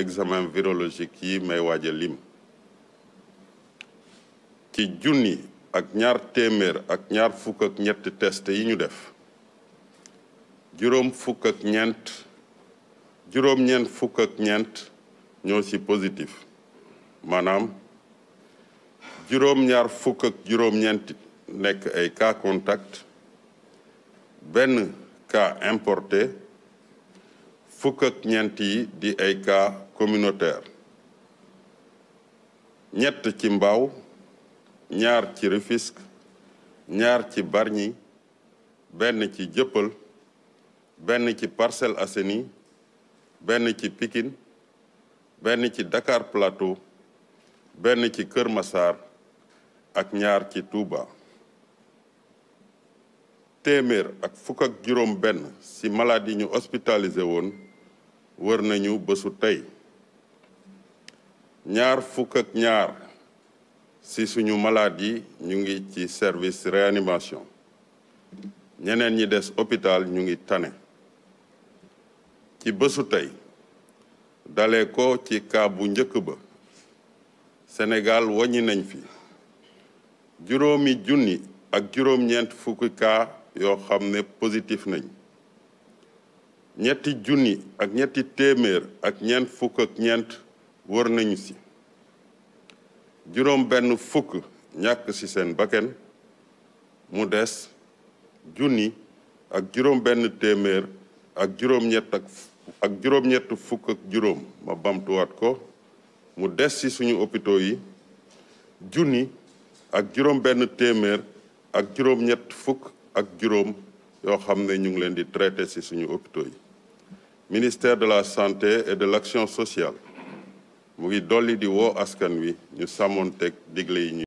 examen virologique yi may waaj lim ci junni ak ñaar téeméer ak ñaar fukk ak test yi ñu def juróom fukk ak juróom-ñeent fukk ak ñoo ci positif maanaam juróom-ñaar fukk juróom-ñeent nekk ay cas contact benn cas importé fukk ak ñeent di ay cas communautaire ñett ci mbaaw ñaar ci Rufisque ñaar ci Bargny benn ci jëppal benn ci Parcelles Assainies benn ci pikin benn ci Dakar Plateau benn ci Kër Massar ak ñaar ci Touba téeméer ak fukk ak juróom benn ci maladi ñu ospitalisé woon wër nañu bésu tey ñaar fukk ak ñaar ci suñu malaat yi ñu ngi ci service réanimation ñeneen ñi des hôpital ñu ngi tane ci bésu tey dale ci cas bu njëkk ba senegal waññi nañ fi juróomi junni ak juróom-ñeent fukki cas yoo xam ne positif nañ ñetti junni ak ñetti téeméer ak ñeent fukk ak ñeent wër nañu ci juróom benn fukk ñàkk ci seen bakken mu des junni ak juróom benn téeméer ak juróom ñett ak fukk ak juróom ma bamtuwaat ko mu des ci suñu hôpitaux yi junni ak juróom benn téeméer ak juróom ñett fukk ak juróom yoo xam ne ñu ngi leen di traité si suñu hôpitaux yi ministère de la santé et de l'action sociale mu ngi dolli di woo askan wi ñu sàmmoon teg digle yi ñu